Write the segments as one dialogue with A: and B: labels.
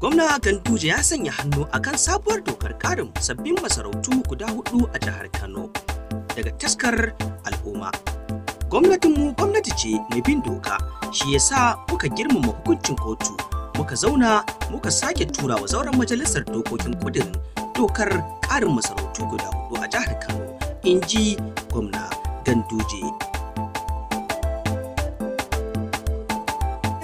A: Gwamna Ganduje ya sanya hannu a kan sabuwar dokar karin sabbin masarautu guda hudu a jihar Kano daga taskar al'umma. Gwamnatinmu gwamnati ce mai bin doka shi ya sa muka girmama hukuncin kotu muka zauna muka sake tura wa zauren majalisar dokokin kudin dokar karin masarautu guda hudu a jihar Kano in ji gwamna Ganduje.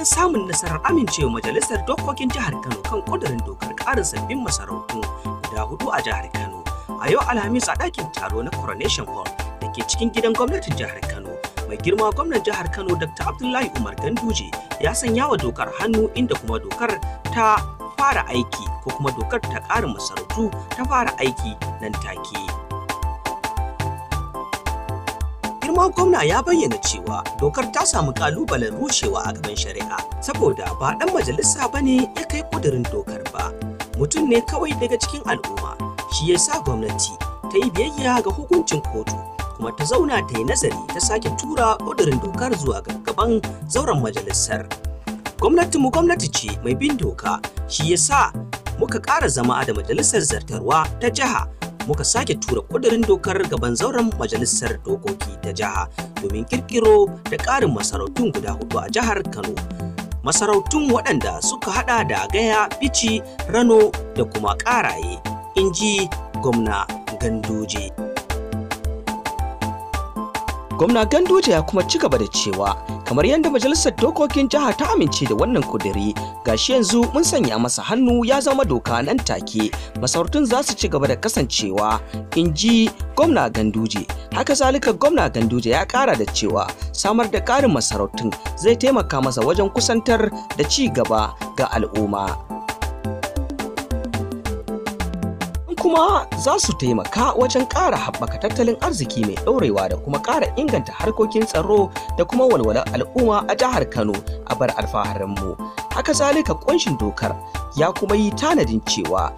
A: samun nasarar amincewa majalisar dokokin jihar Kano kan kudurin dokar karin sabbin masarautu guda hudu a jihar Kano. A yau Alhamis a ɗakin taro na Coronation Hall da ke cikin gidan gwamnatin jihar Kano. Mai girma gwamnan jihar Kano Dr. Abdullahi Umar Ganduje ya sanya wa dokar hannu inda kuma dokar ta fara aiki ko kuma dokar ta karin masarautu ta fara aiki nan take. girma gwamna ya bayyana cewa dokar ta samu kalubalen rushewa a gaban shari'a saboda ba dan majalisa ba ne ya kai kudirin dokar ba mutum ne kawai daga cikin al'umma shi ya sa gwamnati ta yi biyayya ga hukuncin kotu kuma ta zauna ta yi nazari ta sake tura kudirin dokar zuwa ga gaban zauren majalisar gwamnati mu gwamnati ce mai bin doka shi ya sa muka ƙara zama da majalisar zartarwa ta jiha muka sake tura kudirin dokar gaban zauren majalisar dokoki ta jiha domin kirkiro da ƙarin masarautun guda hudu a jihar kano masarautun waɗanda suka hada da gaya bici rano da kuma ƙaraye in ji gwamna gandoje. Gwamna Ganduje ya kuma ci gaba da cewa kamar yadda majalisar dokokin jiha ta amince da wannan kudiri gashi yanzu mun sanya masa hannu ya zama doka nan take masarautun za su ci gaba da kasancewa in ji gwamna Ganduje. Haka zalika gwamna Ganduje ya kara da cewa samar da karin masarautun zai taimaka masa wajen kusantar da ci gaba ga al'umma. kuma za su taimaka wajen ƙara haɓaka tattalin arziki mai ɗorewa da kuma ƙara inganta harkokin tsaro da kuma walwalar al'umma a jihar Kano a bar alfaharinmu. Haka zalika ƙunshin dokar ya kuma yi tanadin cewa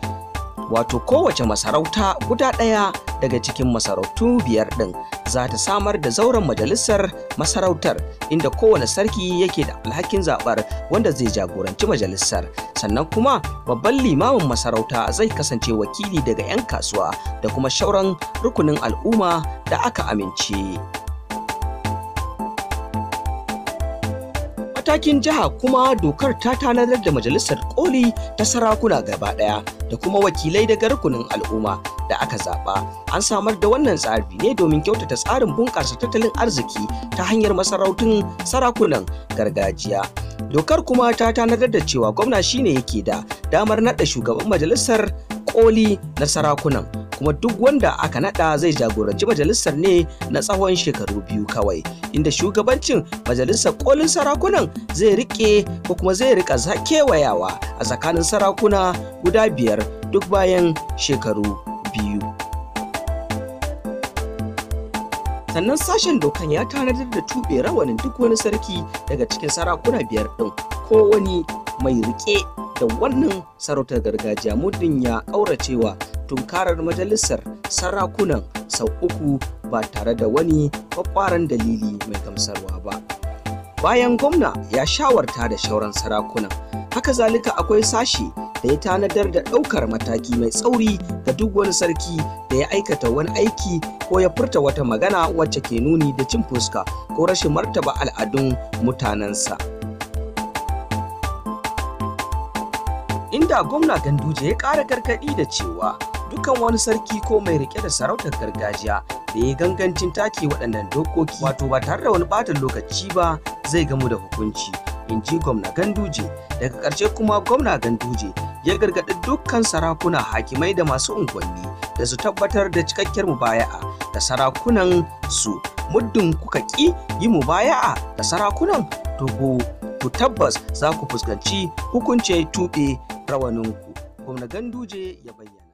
A: wato kowace masarauta guda ɗaya daga cikin masarautu biyar ɗin za ta samar da zauren majalisar masarautar inda kowane sarki yake da alhakin zaɓar wanda zai jagoranci majalisar sannan kuma babban limamin masarauta zai kasance wakili daga 'yan kasuwa da kuma shauran rukunin al'umma da aka amince. matakin jiha kuma dokar ta tanadar da majalisar koli ta sarakuna gaba ɗaya da kuma wakilai daga rukunin al'umma da aka zaɓa an samar da wannan tsari ne domin kyautata tsarin bunƙasa tattalin arziki ta hanyar masarautun sarakunan gargajiya dokar kuma ta tanadar da cewa gwamna shine yake da damar naɗa shugaban majalisar koli na sarakunan kuma duk wanda aka nada zai jagoranci majalisar ne na tsawon shekaru biyu kawai inda shugabancin majalisar kolin sarakunan zai rike ko kuma zai rika kewayawa a tsakanin sarakuna guda biyar duk bayan shekaru biyu sannan sashen dokan ya tanadar da tube rawanin duk wani sarki daga cikin sarakuna biyar ɗin ko wani mai rike da wannan sarautar gargajiya muddin ya ƙauracewa tunkarar majalisar sarakunan sau uku ba tare da wani kwakwaran dalili mai gamsarwa ba. Bayan gwamna ya shawarta da shauran sarakunan, haka zalika akwai sashi da ya tanadar da ɗaukar mataki mai tsauri ga duk wani sarki da ya aikata wani aiki ko ya furta wata magana wacce ke nuni da cin fuska ko rashin martaba al'adun mutanensa. Inda gwamna ganduje ya ƙara gargaɗi da cewa dukkan wani sarki ko mai rike da sarautar gargajiya da ya gangancin take waɗannan dokoki wato ba tare da wani ɓatan lokaci ba zai gamu da hukunci in ji gwamna ganduje daga ƙarshe kuma gwamna ganduje ya gargaɗi dukkan sarakuna hakimai da masu unguwanni da su tabbatar da cikakkiyar mubaya'a da sarakunan su muddin kuka ƙi yi mubaya'a da sarakunan to ku tabbas za ku fuskanci hukunce tuɓe rawaninku gwamna ganduje ya bayyana